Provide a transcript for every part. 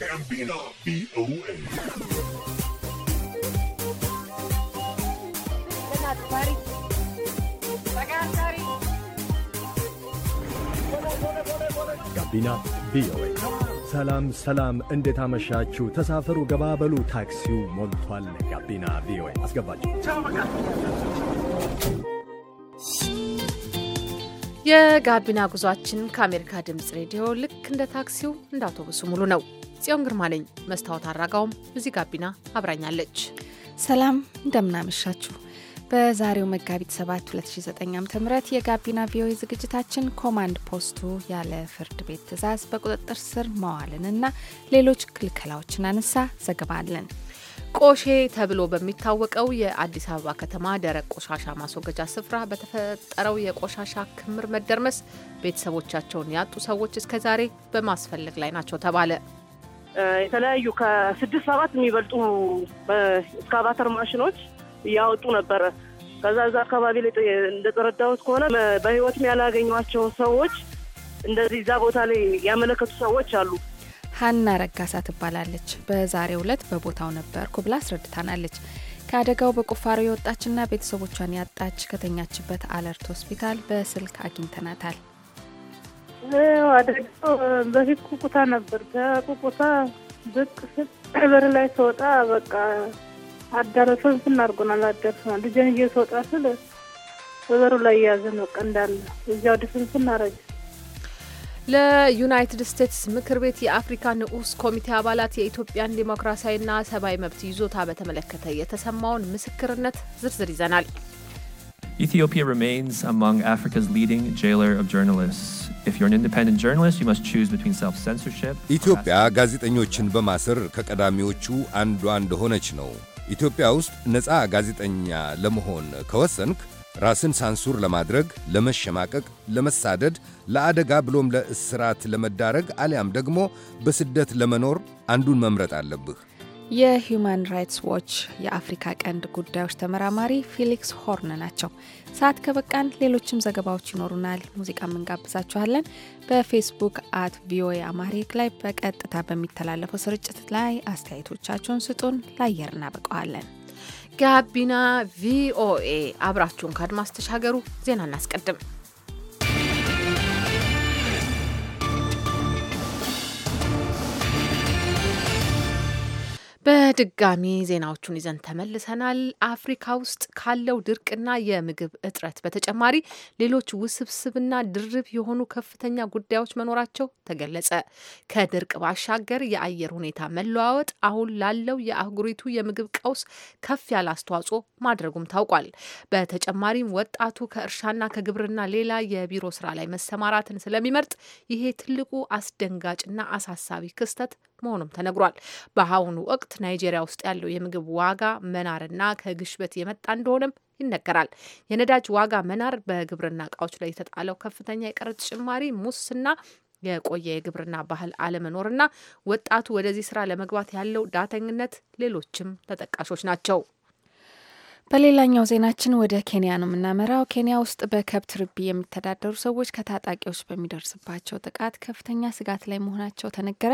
ጋቢና ቪኦኤ ጋቢና ቪኦኤ። ሰላም ሰላም፣ እንዴት አመሻችሁ? ተሳፈሩ፣ ገባበሉ፣ ታክሲው ሞልቷል። ጋቢና ቪኦኤ አስገባችሁ። የጋቢና ጉዟችን ከአሜሪካ ድምፅ ሬዲዮ ልክ እንደ ታክሲው እንደ አውቶቡሱ ሙሉ ነው። ጽዮን ግርማ ነኝ። መስታወት አራጋውም እዚህ ጋቢና አብራኛለች። ሰላም እንደምናመሻችሁ። በዛሬው መጋቢት 7 2009 ዓ ም የጋቢና ቪኦኤ ዝግጅታችን ኮማንድ ፖስቱ ያለ ፍርድ ቤት ትዕዛዝ በቁጥጥር ስር መዋልንና ሌሎች ክልከላዎችን አነሳ ዘግባለን። አለን። ቆሼ ተብሎ በሚታወቀው የአዲስ አበባ ከተማ ደረቅ ቆሻሻ ማስወገጃ ስፍራ በተፈጠረው የቆሻሻ ክምር መደርመስ ቤተሰቦቻቸውን ያጡ ሰዎች እስከዛሬ በማስፈለግ ላይ ናቸው ተባለ። የተለያዩ ከስድስት ሰባት የሚበልጡ እስካቫተር ማሽኖች እያወጡ ነበረ። ከዛ እዛ አካባቢ ላይ እንደተረዳሁት ከሆነ በህይወትም ያላገኟቸው ሰዎች እንደዚህ እዛ ቦታ ላይ ያመለከቱ ሰዎች አሉ። ሀና ረጋሳ ትባላለች። በዛሬው ዕለት በቦታው ነበርኩ ብላ አስረድታናለች። ከአደጋው በቁፋሮ የወጣችና ቤተሰቦቿን ያጣች ከተኛችበት አለርት ሆስፒታል በስልክ አግኝተናታል። አደጋው በፊት ቁቁታ ነበር። ከቁቁታ ብቅ በር ላይ በቃ አዳረሰን ስናርጎናል አዳርሰናል። ልጄን ይዤ ስወጣ ስል በበሩ ላይ በቃ እንዳለ እዚያው ድፍን ለዩናይትድ ስቴትስ ምክር ቤት የአፍሪካ ንዑስ ኮሚቴ አባላት የኢትዮጵያን ዴሞክራሲያዊና ሰብአዊ መብት ይዞታ በተመለከተ የተሰማውን ምስክርነት ዝርዝር ይዘናል። Ethiopia remains among Africa's leading jailer of journalists. If you're an independent journalist, you must choose between self-censorship. ኢትዮጵያ ጋዜጠኞችን በማሰር ከቀዳሚዎቹ አንዷ እንደሆነች ነው። ኢትዮጵያ ውስጥ ነፃ ጋዜጠኛ ለመሆን ከወሰንክ ራስን ሳንሱር ለማድረግ፣ ለመሸማቀቅ፣ ለመሳደድ፣ ለአደጋ ብሎም ለእስራት ለመዳረግ አሊያም ደግሞ በስደት ለመኖር አንዱን መምረጥ አለብህ። የሂዩማን ራይትስ ዎች የአፍሪካ ቀንድ ጉዳዮች ተመራማሪ ፊሊክስ ሆርን ናቸው። ሰዓት ከበቃን ሌሎችም ዘገባዎች ይኖሩናል። ሙዚቃም እንጋብዛችኋለን። በፌስቡክ አት ቪኦኤ አማሪክ ላይ በቀጥታ በሚተላለፈው ስርጭት ላይ አስተያየቶቻችሁን ስጡን፣ ለአየር እናበቀዋለን። ጋቢና ቪኦኤ አብራችሁን ከአድማስ ተሻገሩ። ዜና እናስቀድም። በድጋሚ ዜናዎቹን ይዘን ተመልሰናል። አፍሪካ ውስጥ ካለው ድርቅና የምግብ እጥረት በተጨማሪ ሌሎች ውስብስብና ድርብ የሆኑ ከፍተኛ ጉዳዮች መኖራቸው ተገለጸ። ከድርቅ ባሻገር የአየር ሁኔታ መለዋወጥ አሁን ላለው የአህጉሪቱ የምግብ ቀውስ ከፍ ያለ አስተዋጽኦ ማድረጉም ታውቋል። በተጨማሪም ወጣቱ ከእርሻና ከግብርና ሌላ የቢሮ ስራ ላይ መሰማራትን ስለሚመርጥ ይሄ ትልቁ አስደንጋጭና አሳሳቢ ክስተት መሆኑም ተነግሯል። በአሁኑ ወቅት ናይጄሪያ ውስጥ ያለው የምግብ ዋጋ መናርና ከግሽበት የመጣ እንደሆነም ይነገራል። የነዳጅ ዋጋ መናር፣ በግብርና እቃዎች ላይ የተጣለው ከፍተኛ የቀረጥ ጭማሪ፣ ሙስና የቆየ የግብርና ባህል አለመኖርና ወጣቱ ወደዚህ ስራ ለመግባት ያለው ዳተኝነት ሌሎችም ተጠቃሾች ናቸው። በሌላኛው ዜናችን ወደ ኬንያ ነው የምናመራው። ኬንያ ውስጥ በከብት ርቢ የሚተዳደሩ ሰዎች ከታጣቂዎች በሚደርስባቸው ጥቃት ከፍተኛ ስጋት ላይ መሆናቸው ተነገረ።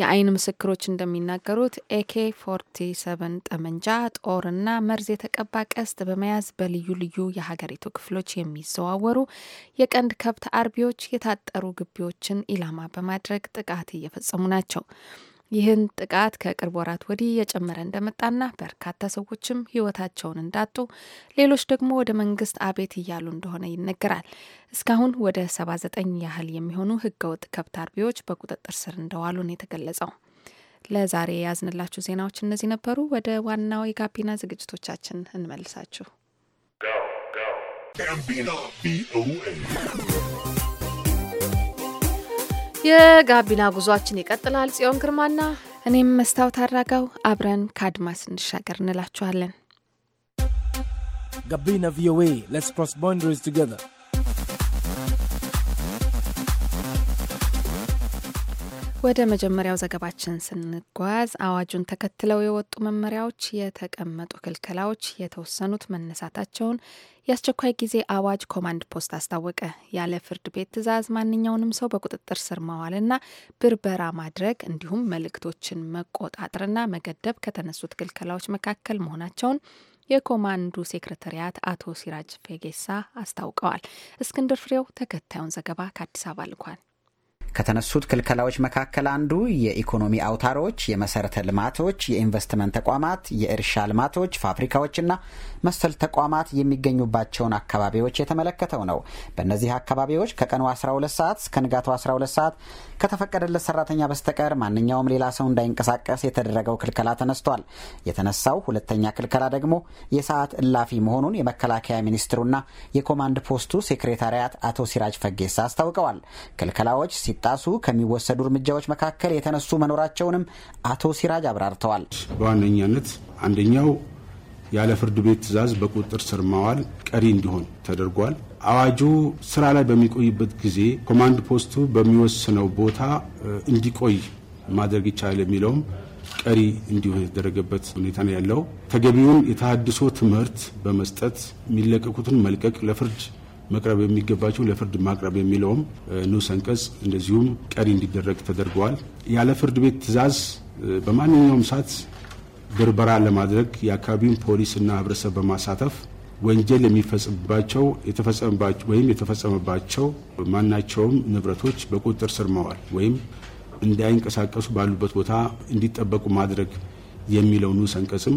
የአይን ምስክሮች እንደሚናገሩት ኤኬ ፎርቲ ሰቨን ጠመንጃ፣ ጦርና መርዝ የተቀባ ቀስት በመያዝ በልዩ ልዩ የሀገሪቱ ክፍሎች የሚዘዋወሩ የቀንድ ከብት አርቢዎች የታጠሩ ግቢዎችን ኢላማ በማድረግ ጥቃት እየፈጸሙ ናቸው። ይህን ጥቃት ከቅርብ ወራት ወዲህ የጨመረ እንደመጣና በርካታ ሰዎችም ህይወታቸውን እንዳጡ ሌሎች ደግሞ ወደ መንግስት አቤት እያሉ እንደሆነ ይነገራል። እስካሁን ወደ 79 ያህል የሚሆኑ ህገወጥ ከብት አርቢዎች በቁጥጥር ስር እንደዋሉ ነው የተገለጸው። ለዛሬ የያዝንላችሁ ዜናዎች እነዚህ ነበሩ። ወደ ዋናው የጋቢና ዝግጅቶቻችን እንመልሳችሁ። የጋቢና ጉዟችን ይቀጥላል። ጽዮን ግርማና እኔም መስታወት አድራጋው አብረን ከአድማስ እንሻገር እንላችኋለን። ጋቢና ቪኦኤ ስ ፕሮስ ባውንደሪስ ቱገር ወደ መጀመሪያው ዘገባችን ስንጓዝ አዋጁን ተከትለው የወጡ መመሪያዎች፣ የተቀመጡ ክልከላዎች የተወሰኑት መነሳታቸውን የአስቸኳይ ጊዜ አዋጅ ኮማንድ ፖስት አስታወቀ። ያለ ፍርድ ቤት ትዕዛዝ ማንኛውንም ሰው በቁጥጥር ስር መዋልና ብርበራ ማድረግ እንዲሁም መልእክቶችን መቆጣጠርና መገደብ ከተነሱት ክልከላዎች መካከል መሆናቸውን የኮማንዱ ሴክረታሪያት አቶ ሲራጅ ፌጌሳ አስታውቀዋል። እስክንድር ፍሬው ተከታዩን ዘገባ ከአዲስ አበባ ልኳል። ከተነሱት ክልከላዎች መካከል አንዱ የኢኮኖሚ አውታሮች፣ የመሰረተ ልማቶች፣ የኢንቨስትመንት ተቋማት፣ የእርሻ ልማቶች፣ ፋብሪካዎችና መሰል ተቋማት የሚገኙባቸውን አካባቢዎች የተመለከተው ነው። በእነዚህ አካባቢዎች ከቀኑ 12 ሰዓት እስከ ንጋቱ 12 ሰዓት ከተፈቀደለት ሰራተኛ በስተቀር ማንኛውም ሌላ ሰው እንዳይንቀሳቀስ የተደረገው ክልከላ ተነስቷል። የተነሳው ሁለተኛ ክልከላ ደግሞ የሰዓት እላፊ መሆኑን የመከላከያ ሚኒስትሩና የኮማንድ ፖስቱ ሴክሬታሪያት አቶ ሲራጅ ፈጌሳ አስታውቀዋል። ክልከላዎች እንዲጣሱ ከሚወሰዱ እርምጃዎች መካከል የተነሱ መኖራቸውንም አቶ ሲራጅ አብራርተዋል። በዋነኛነት አንደኛው ያለ ፍርድ ቤት ትዕዛዝ በቁጥጥር ስር ማዋል ቀሪ እንዲሆን ተደርጓል። አዋጁ ስራ ላይ በሚቆይበት ጊዜ ኮማንድ ፖስቱ በሚወስነው ቦታ እንዲቆይ ማድረግ ይቻላል የሚለውም ቀሪ እንዲሆን የተደረገበት ሁኔታ ነው ያለው። ተገቢውን የተሃድሶ ትምህርት በመስጠት የሚለቀቁትን መልቀቅ ለፍርድ መቅረብ የሚገባቸው ለፍርድ ማቅረብ የሚለውም ንዑስ አንቀጽ እንደዚሁም ቀሪ እንዲደረግ ተደርገዋል። ያለ ፍርድ ቤት ትዕዛዝ በማንኛውም ሰዓት ብርበራ ለማድረግ የአካባቢውን ፖሊስና ህብረተሰብ በማሳተፍ ወንጀል የሚፈጽምባቸው ወይም የተፈጸመባቸው ማናቸውም ንብረቶች በቁጥጥር ስር መዋል ወይም እንዳይንቀሳቀሱ ባሉበት ቦታ እንዲጠበቁ ማድረግ የሚለው ንዑስ አንቀጽም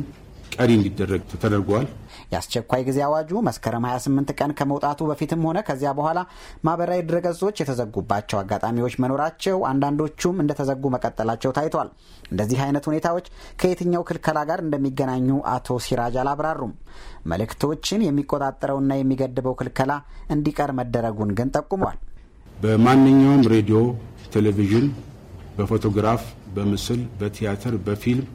ቀሪ እንዲደረግ ተደርጓል። የአስቸኳይ ጊዜ አዋጁ መስከረም 28 ቀን ከመውጣቱ በፊትም ሆነ ከዚያ በኋላ ማህበራዊ ድረገጾች የተዘጉባቸው አጋጣሚዎች መኖራቸው፣ አንዳንዶቹም እንደተዘጉ መቀጠላቸው ታይቷል። እንደዚህ አይነት ሁኔታዎች ከየትኛው ክልከላ ጋር እንደሚገናኙ አቶ ሲራጅ አላብራሩም። መልእክቶችን የሚቆጣጠረውና የሚገድበው ክልከላ እንዲቀር መደረጉን ግን ጠቁመዋል። በማንኛውም ሬዲዮ፣ ቴሌቪዥን፣ በፎቶግራፍ፣ በምስል፣ በቲያትር፣ በፊልም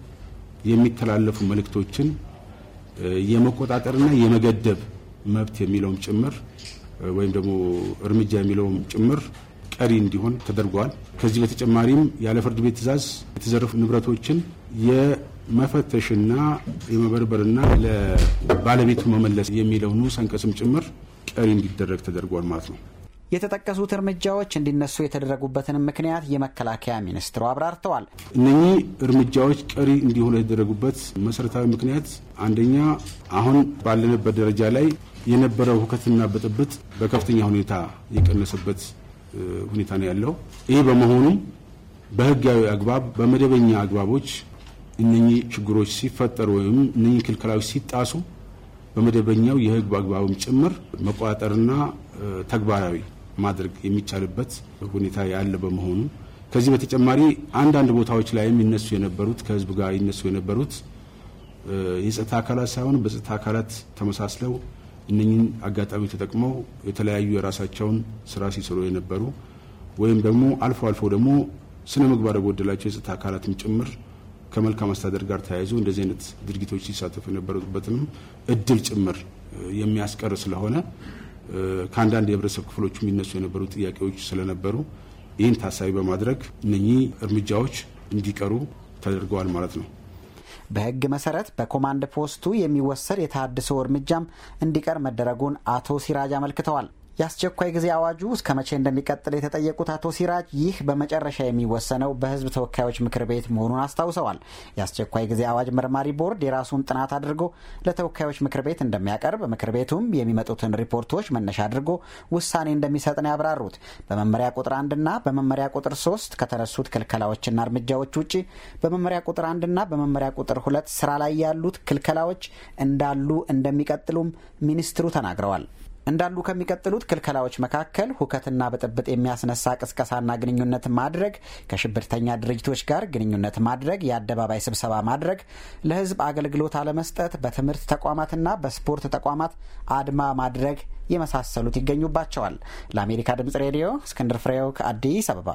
የሚተላለፉ መልእክቶችን የመቆጣጠርና የመገደብ መብት የሚለውም ጭምር ወይም ደግሞ እርምጃ የሚለውም ጭምር ቀሪ እንዲሆን ተደርጓል። ከዚህ በተጨማሪም ያለ ፍርድ ቤት ትእዛዝ የተዘረፉ ንብረቶችን የመፈተሽና የመበርበርና ለባለቤቱ መመለስ የሚለው ንዑስ አንቀጽም ጭምር ቀሪ እንዲደረግ ተደርጓል ማለት ነው። የተጠቀሱት እርምጃዎች እንዲነሱ የተደረጉበትንም ምክንያት የመከላከያ ሚኒስትሩ አብራርተዋል። እነኚህ እርምጃዎች ቀሪ እንዲሆኑ የተደረጉበት መሰረታዊ ምክንያት አንደኛ አሁን ባለንበት ደረጃ ላይ የነበረው ሁከትና ብጥብጥ በከፍተኛ ሁኔታ የቀነሰበት ሁኔታ ነው ያለው። ይህ በመሆኑም በህጋዊ አግባብ በመደበኛ አግባቦች እነኚህ ችግሮች ሲፈጠሩ ወይም እነኚህ ክልከላዎች ሲጣሱ በመደበኛው የህግ አግባብም ጭምር መቆጣጠርና ተግባራዊ ማድረግ የሚቻልበት ሁኔታ ያለ በመሆኑ ከዚህ በተጨማሪ አንዳንድ ቦታዎች ላይም ይነሱ የነበሩት ከህዝብ ጋር ይነሱ የነበሩት የጸጥታ አካላት ሳይሆን በጸጥታ አካላት ተመሳስለው እነኝን አጋጣሚ ተጠቅመው የተለያዩ የራሳቸውን ስራ ሲሰሩ የነበሩ ወይም ደግሞ አልፎ አልፎ ደግሞ ስነ ምግባር የጎደላቸው የጸጥታ አካላትም ጭምር ከመልካም አስተዳደር ጋር ተያይዞ እንደዚህ አይነት ድርጊቶች ሲሳተፉ የነበሩበትንም እድል ጭምር የሚያስቀር ስለሆነ ከአንዳንድ የህብረተሰብ ክፍሎች የሚነሱ የነበሩ ጥያቄዎች ስለነበሩ ይህን ታሳቢ በማድረግ እነኚህ እርምጃዎች እንዲቀሩ ተደርገዋል ማለት ነው። በህግ መሰረት በኮማንድ ፖስቱ የሚወሰድ የተሃድሶ እርምጃም እንዲቀር መደረጉን አቶ ሲራጅ አመልክተዋል። የአስቸኳይ ጊዜ አዋጁ እስከ መቼ እንደሚቀጥል የተጠየቁት አቶ ሲራጅ ይህ በመጨረሻ የሚወሰነው በሕዝብ ተወካዮች ምክር ቤት መሆኑን አስታውሰዋል። የአስቸኳይ ጊዜ አዋጅ መርማሪ ቦርድ የራሱን ጥናት አድርጎ ለተወካዮች ምክር ቤት እንደሚያቀርብ፣ ምክር ቤቱም የሚመጡትን ሪፖርቶች መነሻ አድርጎ ውሳኔ እንደሚሰጥ ነው ያብራሩት። በመመሪያ ቁጥር አንድና በመመሪያ ቁጥር ሶስት ከተነሱት ክልከላዎችና እርምጃዎች ውጭ በመመሪያ ቁጥር አንድና በመመሪያ ቁጥር ሁለት ስራ ላይ ያሉት ክልከላዎች እንዳሉ እንደሚቀጥሉም ሚኒስትሩ ተናግረዋል። እንዳሉ ከሚቀጥሉት ክልከላዎች መካከል ሁከትና ብጥብጥ የሚያስነሳ ቅስቀሳና ግንኙነት ማድረግ፣ ከሽብርተኛ ድርጅቶች ጋር ግንኙነት ማድረግ፣ የአደባባይ ስብሰባ ማድረግ፣ ለሕዝብ አገልግሎት አለመስጠት፣ በትምህርት ተቋማትና በስፖርት ተቋማት አድማ ማድረግ የመሳሰሉት ይገኙባቸዋል። ለአሜሪካ ድምጽ ሬዲዮ እስክንድር ፍሬው ከአዲስ አበባ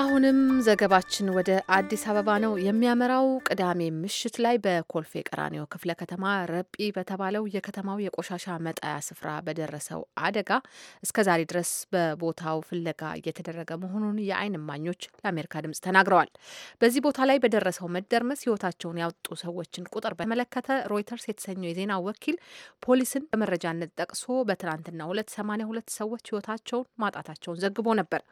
አሁንም ዘገባችን ወደ አዲስ አበባ ነው የሚያመራው። ቅዳሜ ምሽት ላይ በኮልፌ ቀራኒዮ ክፍለ ከተማ ረጲ በተባለው የከተማው የቆሻሻ መጣያ ስፍራ በደረሰው አደጋ እስከዛሬ ድረስ በቦታው ፍለጋ እየተደረገ መሆኑን የዓይን እማኞች ለአሜሪካ ድምጽ ተናግረዋል። በዚህ ቦታ ላይ በደረሰው መደርመስ ሕይወታቸውን ያወጡ ሰዎችን ቁጥር በተመለከተ ሮይተርስ የተሰኘው የዜና ወኪል ፖሊስን በመረጃነት ጠቅሶ በትናንትናው ዕለት ሁለት ሰዎች ሕይወታቸውን ማጣታቸውን ዘግቦ ነበር።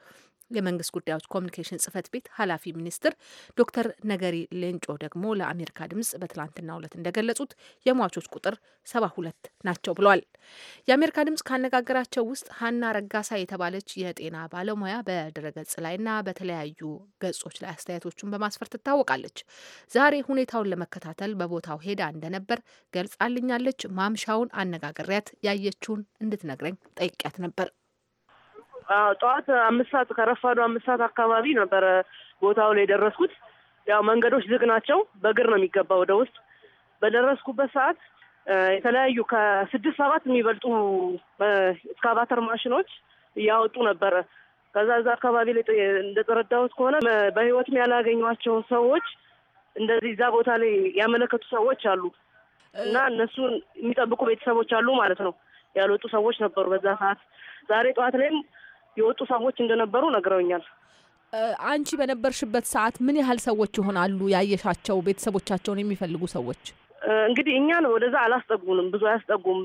የመንግስት ጉዳዮች ኮሚኒኬሽን ጽህፈት ቤት ኃላፊ ሚኒስትር ዶክተር ነገሪ ሌንጮ ደግሞ ለአሜሪካ ድምጽ በትላንትናው ዕለት እንደገለጹት የሟቾች ቁጥር ሰባ ሁለት ናቸው ብለዋል። የአሜሪካ ድምጽ ካነጋገራቸው ውስጥ ሀና ረጋሳ የተባለች የጤና ባለሙያ በድረገጽ ላይና በተለያዩ ገጾች ላይ አስተያየቶቹን በማስፈር ትታወቃለች። ዛሬ ሁኔታውን ለመከታተል በቦታው ሄዳ እንደነበር ገልጻልኛለች። ማምሻውን አነጋገሪያት ያየችውን እንድትነግረኝ ጠይቂያት ነበር። ጠዋት አምስት ሰዓት ከረፋዱ አምስት ሰዓት አካባቢ ነበረ ቦታው ላይ የደረስኩት። ያው መንገዶች ዝግ ናቸው፣ በእግር ነው የሚገባ ወደ ውስጥ። በደረስኩበት ሰዓት የተለያዩ ከስድስት ሰባት የሚበልጡ እስካቫተር ማሽኖች እያወጡ ነበረ። ከዛ እዛ አካባቢ ላይ እንደተረዳሁት ከሆነ በህይወትም ያላገኟቸው ሰዎች እንደዚህ እዛ ቦታ ላይ ያመለከቱ ሰዎች አሉ እና እነሱን የሚጠብቁ ቤተሰቦች አሉ ማለት ነው። ያልወጡ ሰዎች ነበሩ በዛ ሰዓት። ዛሬ ጠዋት ላይም የወጡ ሰዎች እንደነበሩ ነግረውኛል። አንቺ በነበርሽበት ሰዓት ምን ያህል ሰዎች ይሆናሉ ያየሻቸው? ቤተሰቦቻቸውን የሚፈልጉ ሰዎች እንግዲህ እኛን ወደዛ አላስጠጉንም፣ ብዙ አያስጠጉም።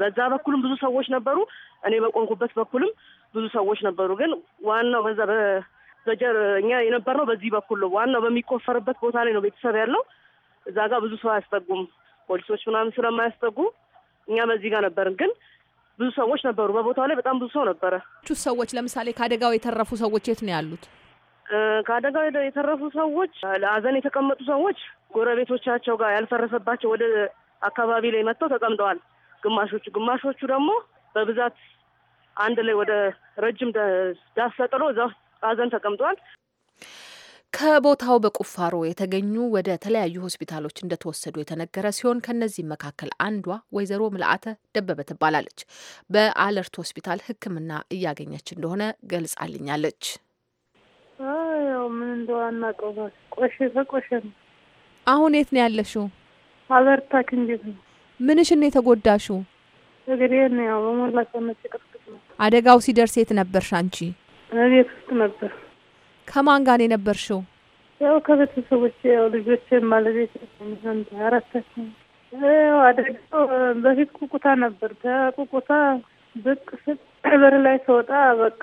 በዛ በኩልም ብዙ ሰዎች ነበሩ፣ እኔ በቆንኩበት በኩልም ብዙ ሰዎች ነበሩ። ግን ዋናው በዛ በጀር እኛ የነበርነው በዚህ በኩል ነው፣ ዋናው በሚቆፈርበት ቦታ ላይ ነው ቤተሰብ ያለው። እዛ ጋር ብዙ ሰው አያስጠጉም፣ ፖሊሶች ምናምን ስለማያስጠጉ እኛ በዚህ ጋር ነበርን ግን ብዙ ሰዎች ነበሩ። በቦታው ላይ በጣም ብዙ ሰው ነበረ። ሰዎች ለምሳሌ ከአደጋው የተረፉ ሰዎች የት ነው ያሉት? ከአደጋው የተረፉ ሰዎች ለአዘን የተቀመጡ ሰዎች ጎረቤቶቻቸው ጋር ያልፈረሰባቸው ወደ አካባቢ ላይ መጥተው ተቀምጠዋል። ግማሾቹ ግማሾቹ ደግሞ በብዛት አንድ ላይ ወደ ረጅም ዳስ ተጥሎ እዛ አዘን ተቀምጠዋል። ከቦታው በቁፋሮ የተገኙ ወደ ተለያዩ ሆስፒታሎች እንደተወሰዱ የተነገረ ሲሆን ከነዚህም መካከል አንዷ ወይዘሮ ምልአተ ደበበ ትባላለች። በአለርት ሆስፒታል ሕክምና እያገኘች እንደሆነ ገልጻልኛለች። ያው ምን እንደዋና አሁን የት ነው ያለሽው? አለርታ ክንጀት ነው። ምንሽን ነው የተጎዳሽው? እግሬ ነው ያው በሞላ ሰውነት ነው። አደጋው ሲደርስ የት ነበርሽ አንቺ? ቤት ውስጥ ነበር። ከማን ጋር ነው የነበርሽው? ያው ከቤተሰቦች ያው ልጆች ማለቤት አራታችን አደጋው በፊት ቁቁታ ነበር። ከቁቁታ ብቅ ስቅ በር ላይ ስወጣ በቃ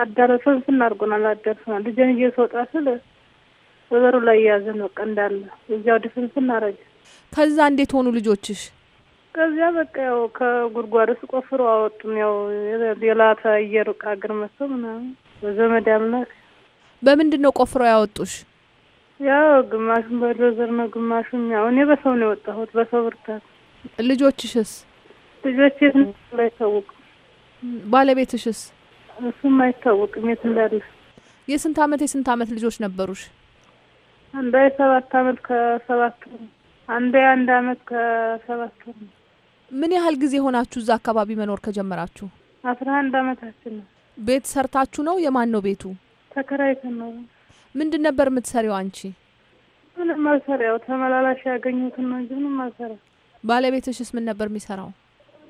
አዳረሰን ስናርጎናል አዳርሰናል። ልጄን ይዤ ስወጣ ስል በበሩ ላይ የያዘን በቃ እንዳለ እዚያው ድፍን ስናረግ። ከዛ እንዴት ሆኑ ልጆችሽ? ከዚያ በቃ ያው ከጉድጓድ ውስጥ ቆፍሮ አወጡን። ያው ሌላ ተየሩቅ ሀገር መሰው ምናምን በዘመድ አምላክ በምንድን ነው ቆፍሮ ያወጡሽ? ያው ግማሹን በዶዘር ነው፣ ግማሹን ያው እኔ በሰው ነው የወጣሁት፣ በሰው ብርታት። ልጆችሽስ? ልጆች የት አይታወቅም። ባለቤትሽስ? እሱም አይታወቅም የት እንዳሉ። የስንት አመት የስንት አመት ልጆች ነበሩሽ? አንዷ የሰባት አመት ከሰባት አንዷ የአንድ አመት ከሰባት ምን ያህል ጊዜ ሆናችሁ እዛ አካባቢ መኖር ከጀመራችሁ? አስራ አንድ አመታችን ነው። ቤት ሰርታችሁ ነው? የማን ነው ቤቱ? ተከራይተን ነው። ምንድን ነበር የምትሰሪው አንቺ? ምንም አልሰራው ተመላላሽ ያገኙትን ነው እንጂ ምንም አልሰራው። ባለቤትሽስ ምን ነበር የሚሰራው?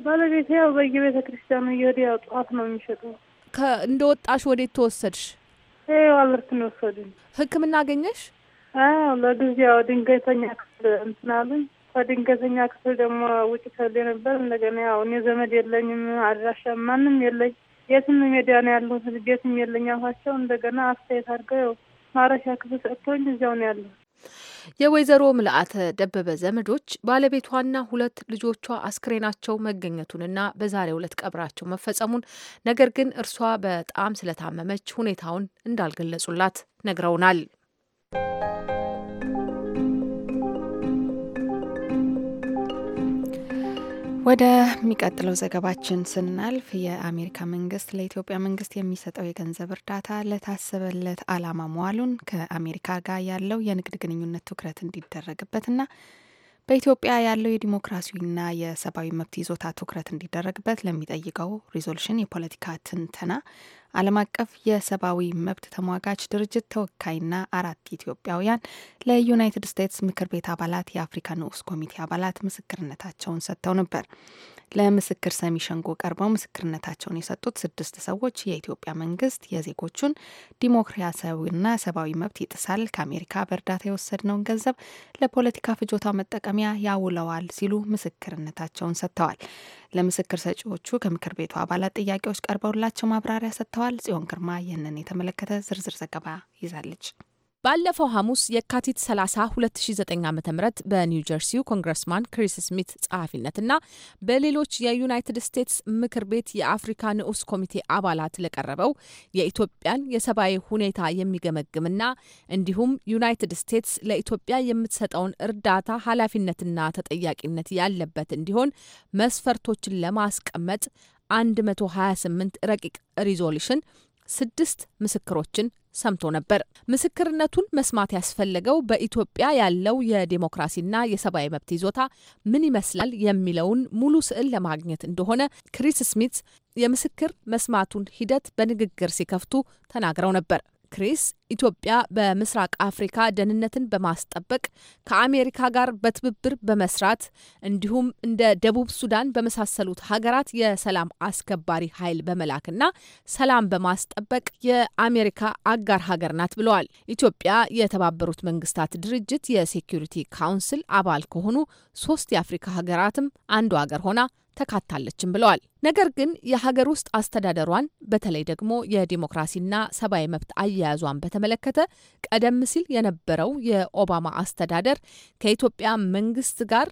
ባለቤት ያው በየቤተ ክርስቲያኑ እየሄደ ያው ጠዋት ነው የሚሸጠው። እንደ ወጣሽ ወዴት ተወሰድሽ? ይኸው አለርት ነው የወሰዱኝ። ሕክምና አገኘሽ? ለጊዜው ድንገተኛ ክፍል እንትን አሉኝ። ከድንገተኛ ክፍል ደግሞ ውጭ ከሌ ነበር እንደገና ያው እኔ ዘመድ የለኝም አድራሻ ማንም የለኝ የትም ሜዳ ነው ያለሁት። ቤትም የለኝ አልኳቸው። እንደገና አስተያየት አድርገው ማረሻ ማረፊያ ክፍል ሰጥቶኝ እዚያው ነው ያለሁ። የወይዘሮ ምልአተ ደበበ ዘመዶች ባለቤቷና ሁለት ልጆቿ አስክሬናቸው መገኘቱንና በዛሬው ዕለት ቀብራቸው መፈጸሙን ነገር ግን እርሷ በጣም ስለታመመች ሁኔታውን እንዳልገለጹላት ነግረውናል። Thank ወደሚቀጥለው ዘገባችን ስናልፍ የአሜሪካ መንግስት ለኢትዮጵያ መንግስት የሚሰጠው የገንዘብ እርዳታ ለታሰበለት ዓላማ መዋሉን ከአሜሪካ ጋር ያለው የንግድ ግንኙነት ትኩረት እንዲደረግበትና በኢትዮጵያ ያለው የዲሞክራሲና የሰብአዊ መብት ይዞታ ትኩረት እንዲደረግበት ለሚጠይቀው ሪዞሉሽን የፖለቲካ ትንተና ዓለም አቀፍ የሰብአዊ መብት ተሟጋች ድርጅት ተወካይና አራት ኢትዮጵያውያን ለዩናይትድ ስቴትስ ምክር ቤት አባላት የአፍሪካ ንዑስ ኮሚቴ አባላት ምስክርነታቸውን ሰጥተው ነበር። ለምስክር ሰሚ ሸንጎ ቀርበው ምስክርነታቸውን የሰጡት ስድስት ሰዎች የኢትዮጵያ መንግስት የዜጎቹን ዲሞክራሲያዊና ሰብአዊ መብት ይጥሳል፣ ከአሜሪካ በእርዳታ የወሰድነውን ገንዘብ ለፖለቲካ ፍጆታ መጠቀሚያ ያውለዋል ሲሉ ምስክርነታቸውን ሰጥተዋል። ለምስክር ሰጪዎቹ ከምክር ቤቱ አባላት ጥያቄዎች ቀርበውላቸው ማብራሪያ ሰጥተዋል። ጽዮን ግርማ ይህንን የተመለከተ ዝርዝር ዘገባ ይዛለች። ባለፈው ሐሙስ የካቲት 30 2009 ዓ ም በኒው ጀርሲው ኮንግረስማን ክሪስ ስሚት ጸሐፊነትና በሌሎች የዩናይትድ ስቴትስ ምክር ቤት የአፍሪካ ንዑስ ኮሚቴ አባላት ለቀረበው የኢትዮጵያን የሰብአዊ ሁኔታ የሚገመግምና እንዲሁም ዩናይትድ ስቴትስ ለኢትዮጵያ የምትሰጠውን እርዳታ ኃላፊነትና ተጠያቂነት ያለበት እንዲሆን መስፈርቶችን ለማስቀመጥ 128 ረቂቅ ሪዞሉሽን ስድስት ምስክሮችን ሰምቶ ነበር። ምስክርነቱን መስማት ያስፈለገው በኢትዮጵያ ያለው የዴሞክራሲና የሰብአዊ መብት ይዞታ ምን ይመስላል የሚለውን ሙሉ ስዕል ለማግኘት እንደሆነ ክሪስ ስሚት የምስክር መስማቱን ሂደት በንግግር ሲከፍቱ ተናግረው ነበር። ክሪስ ኢትዮጵያ በምስራቅ አፍሪካ ደህንነትን በማስጠበቅ ከአሜሪካ ጋር በትብብር በመስራት እንዲሁም እንደ ደቡብ ሱዳን በመሳሰሉት ሀገራት የሰላም አስከባሪ ኃይል በመላክና ሰላም በማስጠበቅ የአሜሪካ አጋር ሀገር ናት ብለዋል። ኢትዮጵያ የተባበሩት መንግስታት ድርጅት የሴኩሪቲ ካውንስል አባል ከሆኑ ሶስት የአፍሪካ ሀገራትም አንዱ ሀገር ሆና ተካታለችም ብለዋል። ነገር ግን የሀገር ውስጥ አስተዳደሯን በተለይ ደግሞ የዲሞክራሲና ሰብአዊ መብት አያያዟን በተመለከተ ቀደም ሲል የነበረው የኦባማ አስተዳደር ከኢትዮጵያ መንግስት ጋር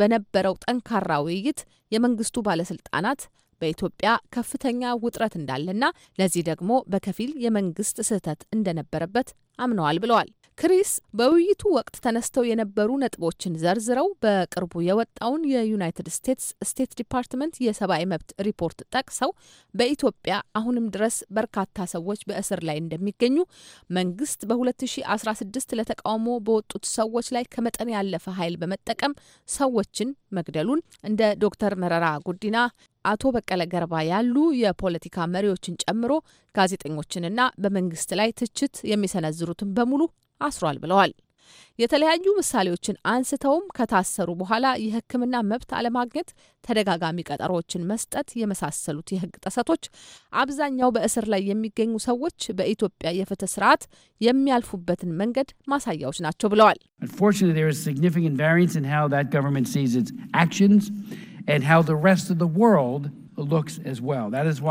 በነበረው ጠንካራ ውይይት የመንግስቱ ባለስልጣናት በኢትዮጵያ ከፍተኛ ውጥረት እንዳለና ለዚህ ደግሞ በከፊል የመንግስት ስህተት እንደነበረበት አምነዋል ብለዋል። ክሪስ በውይይቱ ወቅት ተነስተው የነበሩ ነጥቦችን ዘርዝረው በቅርቡ የወጣውን የዩናይትድ ስቴትስ ስቴት ዲፓርትመንት የሰብአዊ መብት ሪፖርት ጠቅሰው በኢትዮጵያ አሁንም ድረስ በርካታ ሰዎች በእስር ላይ እንደሚገኙ፣ መንግስት በ2016 ለተቃውሞ በወጡት ሰዎች ላይ ከመጠን ያለፈ ኃይል በመጠቀም ሰዎችን መግደሉን እንደ ዶክተር መረራ ጉዲና አቶ በቀለ ገርባ ያሉ የፖለቲካ መሪዎችን ጨምሮ ጋዜጠኞችንና በመንግስት ላይ ትችት የሚሰነዝሩትን በሙሉ አስሯል ብለዋል። የተለያዩ ምሳሌዎችን አንስተውም ከታሰሩ በኋላ የሕክምና መብት አለማግኘት፣ ተደጋጋሚ ቀጠሮዎችን መስጠት የመሳሰሉት የሕግ ጥሰቶች አብዛኛው በእስር ላይ የሚገኙ ሰዎች በኢትዮጵያ የፍትህ ስርዓት የሚያልፉበትን መንገድ ማሳያዎች ናቸው ብለዋል።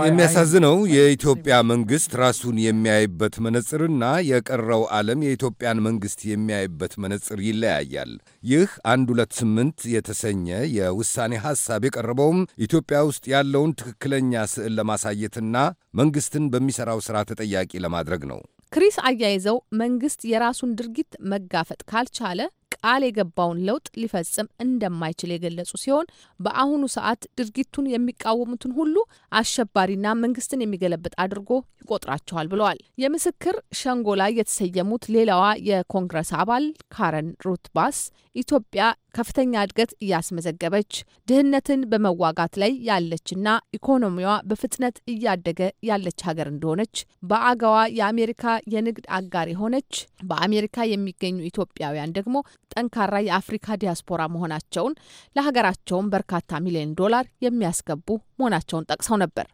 የሚያሳዝነው የኢትዮጵያ መንግሥት ራሱን የሚያይበት መነጽርና የቀረው ዓለም የኢትዮጵያን መንግሥት የሚያይበት መነጽር ይለያያል። ይህ 128 የተሰኘ የውሳኔ ሐሳብ የቀረበውም ኢትዮጵያ ውስጥ ያለውን ትክክለኛ ስዕል ለማሳየትና መንግሥትን በሚሠራው ሥራ ተጠያቂ ለማድረግ ነው። ክሪስ አያይዘው መንግሥት የራሱን ድርጊት መጋፈጥ ካልቻለ ቃል የገባውን ለውጥ ሊፈጽም እንደማይችል የገለጹ ሲሆን በአሁኑ ሰዓት ድርጊቱን የሚቃወሙትን ሁሉ አሸባሪና መንግስትን የሚገለብጥ አድርጎ ይቆጥራቸዋል ብለዋል። የምስክር ሸንጎ ላይ የተሰየሙት ሌላዋ የኮንግረስ አባል ካረን ሩትባስ ኢትዮጵያ ከፍተኛ እድገት እያስመዘገበች ድህነትን በመዋጋት ላይ ያለችና ኢኮኖሚዋ በፍጥነት እያደገ ያለች ሀገር እንደሆነች በአገዋ የአሜሪካ የንግድ አጋር የሆነች በአሜሪካ የሚገኙ ኢትዮጵያውያን ደግሞ ጠንካራ የአፍሪካ ዲያስፖራ መሆናቸውን ለሀገራቸውም በርካታ ሚሊዮን ዶላር የሚያስገቡ መሆናቸውን ጠቅሰው ነበር።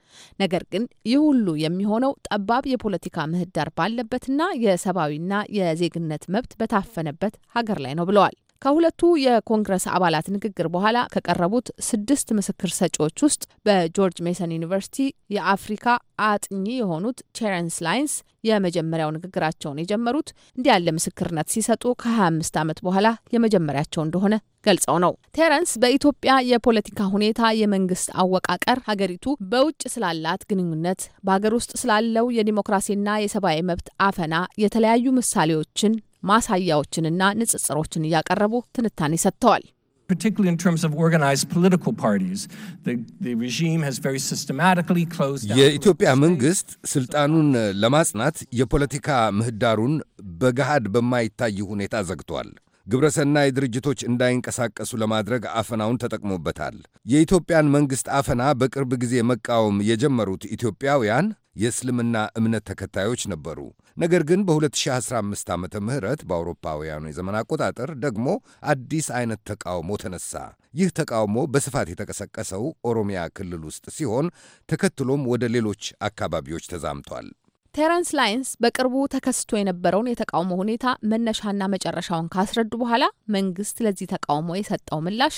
ነገር ግን ይህ ሁሉ የሚሆነው ጠባብ የፖለቲካ ምህዳር ባለበትና የሰብአዊና የዜግነት መብት በታፈነበት ሀገር ላይ ነው ብለዋል። ከሁለቱ የኮንግረስ አባላት ንግግር በኋላ ከቀረቡት ስድስት ምስክር ሰጪዎች ውስጥ በጆርጅ ሜሰን ዩኒቨርሲቲ የአፍሪካ አጥኚ የሆኑት ቼረንስ ላይንስ የመጀመሪያው ንግግራቸውን የጀመሩት እንዲህ ያለ ምስክርነት ሲሰጡ ከ25 ዓመት በኋላ የመጀመሪያቸው እንደሆነ ገልጸው ነው። ቴረንስ በኢትዮጵያ የፖለቲካ ሁኔታ፣ የመንግስት አወቃቀር፣ ሀገሪቱ በውጭ ስላላት ግንኙነት፣ በሀገር ውስጥ ስላለው የዲሞክራሲና የሰብአዊ መብት አፈና የተለያዩ ምሳሌዎችን ማሳያዎችንና ንጽጽሮችን እያቀረቡ ትንታኔ ሰጥተዋል። የኢትዮጵያ መንግሥት ሥልጣኑን ለማጽናት የፖለቲካ ምህዳሩን በገሃድ በማይታይ ሁኔታ ዘግቷል። ግብረሰናይ ድርጅቶች እንዳይንቀሳቀሱ ለማድረግ አፈናውን ተጠቅሞበታል። የኢትዮጵያን መንግሥት አፈና በቅርብ ጊዜ መቃወም የጀመሩት ኢትዮጵያውያን የእስልምና እምነት ተከታዮች ነበሩ። ነገር ግን በ2015 ዓ ም በአውሮፓውያኑ የዘመን አቆጣጠር ደግሞ አዲስ አይነት ተቃውሞ ተነሳ። ይህ ተቃውሞ በስፋት የተቀሰቀሰው ኦሮሚያ ክልል ውስጥ ሲሆን ተከትሎም ወደ ሌሎች አካባቢዎች ተዛምቷል። ቴረንስ ላይንስ በቅርቡ ተከስቶ የነበረውን የተቃውሞ ሁኔታ መነሻና መጨረሻውን ካስረዱ በኋላ መንግስት ለዚህ ተቃውሞ የሰጠው ምላሽ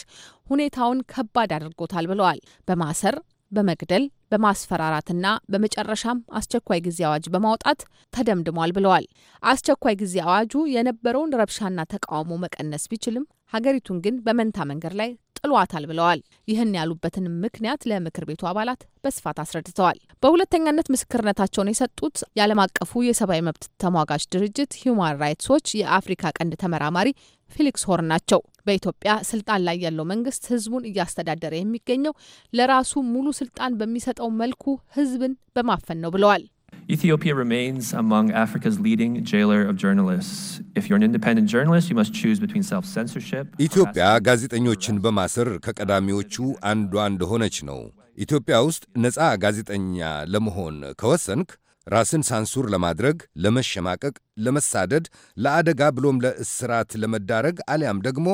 ሁኔታውን ከባድ አድርጎታል ብለዋል። በማሰር በመግደል በማስፈራራትና በመጨረሻም አስቸኳይ ጊዜ አዋጅ በማውጣት ተደምድሟል ብለዋል። አስቸኳይ ጊዜ አዋጁ የነበረውን ረብሻና ተቃውሞ መቀነስ ቢችልም ሀገሪቱን ግን በመንታ መንገድ ላይ ጥሏታል ብለዋል። ይህን ያሉበትን ምክንያት ለምክር ቤቱ አባላት በስፋት አስረድተዋል። በሁለተኛነት ምስክርነታቸውን የሰጡት የዓለም አቀፉ የሰብአዊ መብት ተሟጋች ድርጅት ሂዩማን ራይትስ ዎች የአፍሪካ ቀንድ ተመራማሪ ፊሊክስ ሆርን ናቸው። በኢትዮጵያ ስልጣን ላይ ያለው መንግስት ህዝቡን እያስተዳደረ የሚገኘው ለራሱ ሙሉ ስልጣን በሚሰጠው መልኩ ህዝብን በማፈን ነው ብለዋል። Ethiopia remains among Africa's leading jailer of journalists. If you're an independent journalist, you must choose between self-censorship. ኢትዮጵያ ጋዜጠኞችን በማሰር ከቀዳሚዎቹ አንዷ እንደሆነች ነው። ኢትዮጵያ ውስጥ ነፃ ጋዜጠኛ ለመሆን ከወሰንክ ራስን ሳንሱር ለማድረግ፣ ለመሸማቀቅ፣ ለመሳደድ፣ ለአደጋ ብሎም ለእስራት ለመዳረግ አሊያም ደግሞ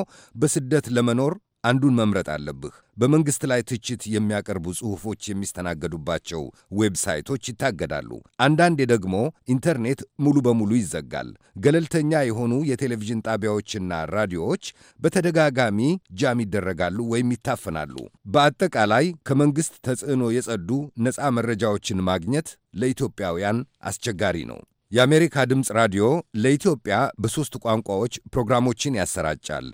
በስደት ለመኖር አንዱን መምረጥ አለብህ። በመንግሥት ላይ ትችት የሚያቀርቡ ጽሑፎች የሚስተናገዱባቸው ዌብሳይቶች ይታገዳሉ። አንዳንዴ ደግሞ ኢንተርኔት ሙሉ በሙሉ ይዘጋል። ገለልተኛ የሆኑ የቴሌቪዥን ጣቢያዎችና ራዲዮዎች በተደጋጋሚ ጃም ይደረጋሉ ወይም ይታፈናሉ። በአጠቃላይ ከመንግሥት ተጽዕኖ የጸዱ ነፃ መረጃዎችን ማግኘት ለኢትዮጵያውያን አስቸጋሪ ነው። የአሜሪካ ድምፅ ራዲዮ ለኢትዮጵያ በሦስት ቋንቋዎች ፕሮግራሞችን ያሰራጫል።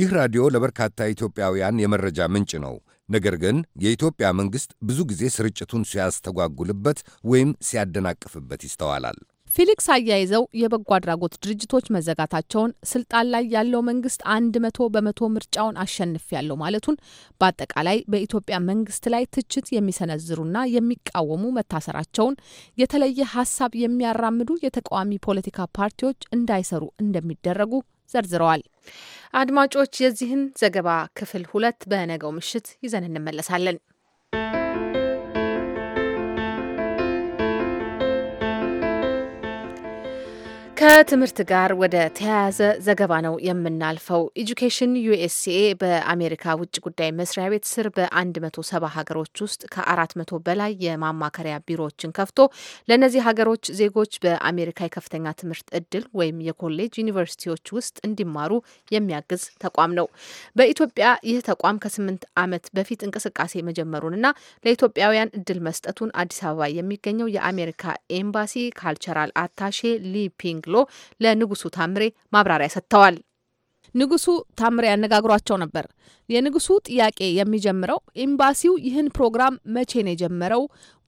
ይህ ራዲዮ ለበርካታ ኢትዮጵያውያን የመረጃ ምንጭ ነው። ነገር ግን የኢትዮጵያ መንግሥት ብዙ ጊዜ ስርጭቱን ሲያስተጓጉልበት ወይም ሲያደናቅፍበት ይስተዋላል። ፊሊክስ አያይዘው የበጎ አድራጎት ድርጅቶች መዘጋታቸውን፣ ስልጣን ላይ ያለው መንግስት አንድ መቶ በመቶ ምርጫውን አሸንፍ ያለው ማለቱን፣ በአጠቃላይ በኢትዮጵያ መንግስት ላይ ትችት የሚሰነዝሩና የሚቃወሙ መታሰራቸውን፣ የተለየ ሀሳብ የሚያራምዱ የተቃዋሚ ፖለቲካ ፓርቲዎች እንዳይሰሩ እንደሚደረጉ ዘርዝረዋል። አድማጮች፣ የዚህን ዘገባ ክፍል ሁለት በነገው ምሽት ይዘን እንመለሳለን። ከትምህርት ጋር ወደ ተያያዘ ዘገባ ነው የምናልፈው። ኤጁኬሽን ዩኤስኤ በአሜሪካ ውጭ ጉዳይ መስሪያ ቤት ስር በ170 ሀገሮች ውስጥ ከ400 በላይ የማማከሪያ ቢሮዎችን ከፍቶ ለእነዚህ ሀገሮች ዜጎች በአሜሪካ የከፍተኛ ትምህርት እድል ወይም የኮሌጅ ዩኒቨርሲቲዎች ውስጥ እንዲማሩ የሚያግዝ ተቋም ነው። በኢትዮጵያ ይህ ተቋም ከስምንት ዓመት በፊት እንቅስቃሴ መጀመሩንና ለኢትዮጵያውያን እድል መስጠቱን አዲስ አበባ የሚገኘው የአሜሪካ ኤምባሲ ካልቸራል አታሼ ሊፒንግ ተከትሎ ለንጉሱ ታምሬ ማብራሪያ ሰጥተዋል። ንጉሱ ታምሬ ያነጋግሯቸው ነበር። የንጉሱ ጥያቄ የሚጀምረው ኤምባሲው ይህን ፕሮግራም መቼ ነው የጀመረው?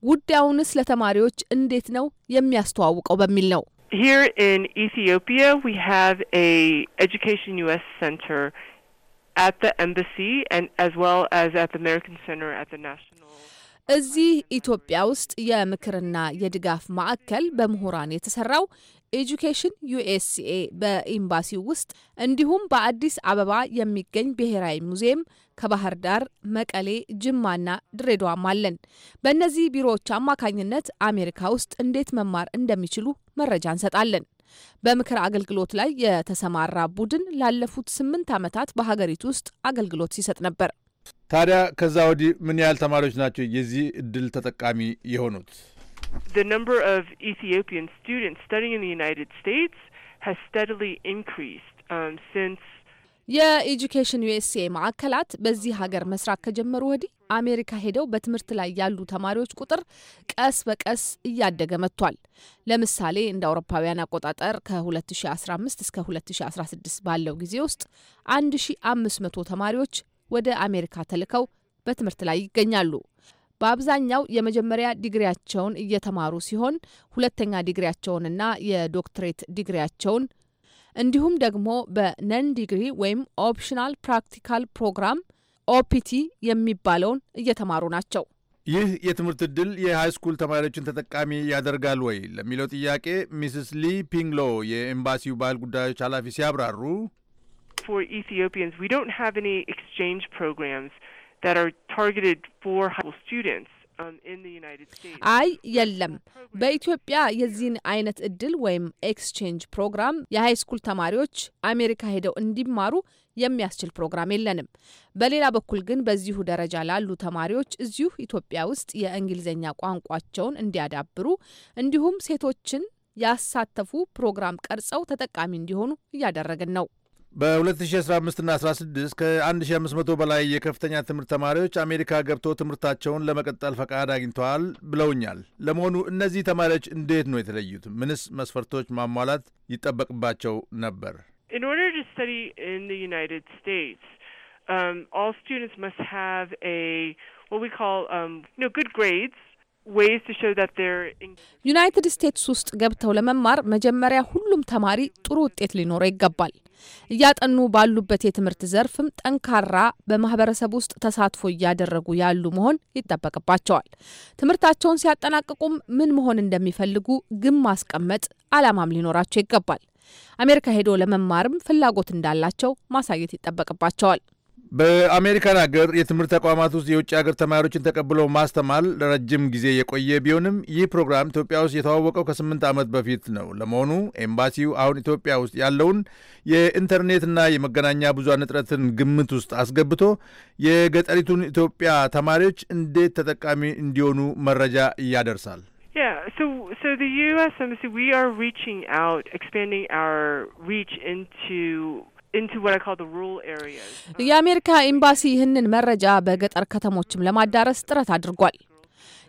ጉዳዩንስ ለተማሪዎች እንዴት ነው የሚያስተዋውቀው? በሚል ነው። Here in Ethiopia we have a Education US Center at the embassy and as well as at the American Center at the National እዚህ ኢትዮጵያ ውስጥ የምክርና የድጋፍ ማዕከል በምሁራን የተሰራው ኤጁኬሽን ዩኤስኤ በኤምባሲው ውስጥ እንዲሁም በአዲስ አበባ የሚገኝ ብሔራዊ ሙዚየም ከባህር ዳር፣ መቀሌ፣ ጅማና ድሬዳዋም አለን። በእነዚህ ቢሮዎች አማካኝነት አሜሪካ ውስጥ እንዴት መማር እንደሚችሉ መረጃ እንሰጣለን። በምክር አገልግሎት ላይ የተሰማራ ቡድን ላለፉት ስምንት ዓመታት በሀገሪቱ ውስጥ አገልግሎት ሲሰጥ ነበር። ታዲያ ከዛ ወዲህ ምን ያህል ተማሪዎች ናቸው የዚህ እድል ተጠቃሚ የሆኑት? the number of Ethiopian students studying in the United States has steadily increased um, since የኤጁኬሽን ዩኤስኤ ማዕከላት በዚህ ሀገር መስራት ከጀመሩ ወዲህ አሜሪካ ሄደው በትምህርት ላይ ያሉ ተማሪዎች ቁጥር ቀስ በቀስ እያደገ መጥቷል። ለምሳሌ እንደ አውሮፓውያን አቆጣጠር ከ2015 እስከ 2016 ባለው ጊዜ ውስጥ 1500 ተማሪዎች ወደ አሜሪካ ተልከው በትምህርት ላይ ይገኛሉ። በአብዛኛው የመጀመሪያ ዲግሪያቸውን እየተማሩ ሲሆን ሁለተኛ ዲግሪያቸውንና የዶክትሬት ዲግሪያቸውን እንዲሁም ደግሞ በነን ዲግሪ ወይም ኦፕሽናል ፕራክቲካል ፕሮግራም ኦፒቲ የሚባለውን እየተማሩ ናቸው። ይህ የትምህርት ዕድል የሃይስኩል ተማሪዎችን ተጠቃሚ ያደርጋል ወይ ለሚለው ጥያቄ ሚስስ ሊ ፒንግሎ የኤምባሲው ባህል ጉዳዮች ኃላፊ ሲያብራሩ ኢትዮጵያንስ that are targeted for high school students. Um, አይ የለም፣ በኢትዮጵያ የዚህን አይነት እድል ወይም ኤክስቼንጅ ፕሮግራም የሀይ ስኩል ተማሪዎች አሜሪካ ሄደው እንዲማሩ የሚያስችል ፕሮግራም የለንም። በሌላ በኩል ግን በዚሁ ደረጃ ላሉ ተማሪዎች እዚሁ ኢትዮጵያ ውስጥ የእንግሊዝኛ ቋንቋቸውን እንዲያዳብሩ እንዲሁም ሴቶችን ያሳተፉ ፕሮግራም ቀርጸው ተጠቃሚ እንዲሆኑ እያደረግን ነው። በ2015ና 16 ከ1500 በላይ የከፍተኛ ትምህርት ተማሪዎች አሜሪካ ገብቶ ትምህርታቸውን ለመቀጠል ፈቃድ አግኝተዋል ብለውኛል። ለመሆኑ እነዚህ ተማሪዎች እንዴት ነው የተለዩት? ምንስ መስፈርቶች ማሟላት ይጠበቅባቸው ነበር? ዩናይትድ ስቴትስ um, um, ውስጥ ገብተው ለመማር መጀመሪያ ሁሉም ተማሪ ጥሩ ውጤት ሊኖረው ይገባል። እያጠኑ ባሉበት የትምህርት ዘርፍም ጠንካራ በማህበረሰብ ውስጥ ተሳትፎ እያደረጉ ያሉ መሆን ይጠበቅባቸዋል። ትምህርታቸውን ሲያጠናቅቁም ምን መሆን እንደሚፈልጉ ግን ማስቀመጥ ዓላማም ሊኖራቸው ይገባል። አሜሪካ ሄዶ ለመማርም ፍላጎት እንዳላቸው ማሳየት ይጠበቅባቸዋል። በአሜሪካን ሀገር የትምህርት ተቋማት ውስጥ የውጭ ሀገር ተማሪዎችን ተቀብሎ ማስተማር ለረጅም ጊዜ የቆየ ቢሆንም ይህ ፕሮግራም ኢትዮጵያ ውስጥ የተዋወቀው ከስምንት ዓመት በፊት ነው። ለመሆኑ ኤምባሲው አሁን ኢትዮጵያ ውስጥ ያለውን የኢንተርኔትና የመገናኛ ብዙሃን እጥረትን ግምት ውስጥ አስገብቶ የገጠሪቱን ኢትዮጵያ ተማሪዎች እንዴት ተጠቃሚ እንዲሆኑ መረጃ እያደርሳል? Yeah, so so the U.S. Embassy, we are reaching out, expanding our reach into የአሜሪካ ኤምባሲ ይህንን መረጃ በገጠር ከተሞችም ለማዳረስ ጥረት አድርጓል።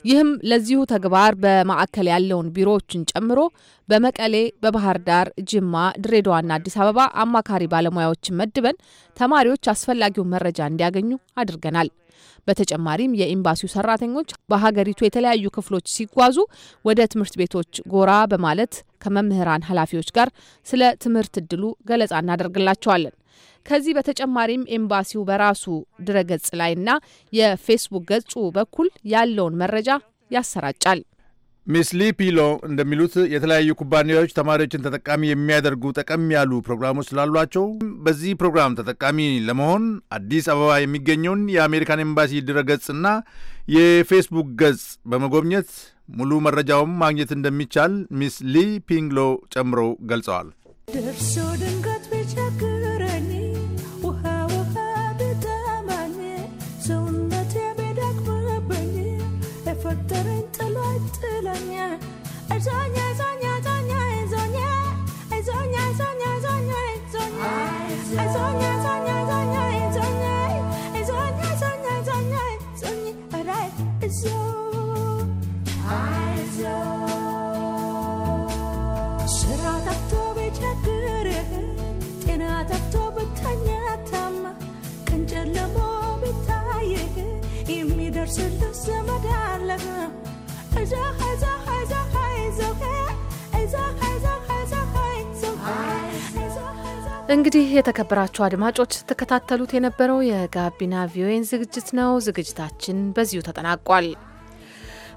ይህም ለዚሁ ተግባር በማዕከል ያለውን ቢሮዎችን ጨምሮ በመቀሌ፣ በባህር ዳር፣ ጅማ፣ ድሬዳዋና አዲስ አበባ አማካሪ ባለሙያዎችን መድበን ተማሪዎች አስፈላጊውን መረጃ እንዲያገኙ አድርገናል። በተጨማሪም የኤምባሲው ሰራተኞች በሀገሪቱ የተለያዩ ክፍሎች ሲጓዙ ወደ ትምህርት ቤቶች ጎራ በማለት ከመምህራን ኃላፊዎች ጋር ስለ ትምህርት እድሉ ገለጻ እናደርግላቸዋለን። ከዚህ በተጨማሪም ኤምባሲው በራሱ ድረገጽ ላይና የፌስቡክ ገጹ በኩል ያለውን መረጃ ያሰራጫል። ሚስ ሊ ፒሎ እንደሚሉት የተለያዩ ኩባንያዎች ተማሪዎችን ተጠቃሚ የሚያደርጉ ጠቀም ያሉ ፕሮግራሞች ስላሏቸው በዚህ ፕሮግራም ተጠቃሚ ለመሆን አዲስ አበባ የሚገኘውን የአሜሪካን ኤምባሲ ድረገጽና የፌስቡክ ገጽ በመጎብኘት ሙሉ መረጃውን ማግኘት እንደሚቻል ሚስ ሊ ፒንግሎ ጨምረው ገልጸዋል። ደርሶ ድንገት እንግዲህ የተከበራችሁ አድማጮች ስትከታተሉት የነበረው የጋቢና ቪዮኤን ዝግጅት ነው። ዝግጅታችን በዚሁ ተጠናቋል።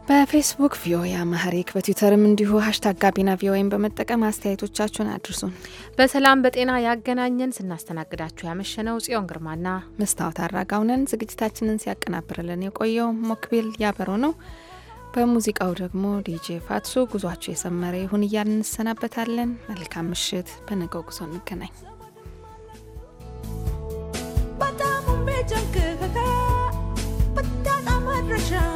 በፌስቡክ ቪኦኤ አማህሪክ በትዊተርም እንዲሁ ሀሽታግ ጋቢና ቪኦኤን በመጠቀም አስተያየቶቻችሁን አድርሱን። በሰላም በጤና ያገናኘን። ስናስተናግዳችሁ ያመሸነው ጽዮን ግርማና መስታወት አራጋውነን። ዝግጅታችንን ሲያቀናብርልን የቆየው ሞክቤል ያበሮ ነው። በሙዚቃው ደግሞ ዲጄ ፋትሱ ጉዟችሁ የሰመረ ይሁን እያልን እንሰናበታለን። መልካም ምሽት። በነገው ጉዞ እንገናኝ። but junk, I'm a moderation.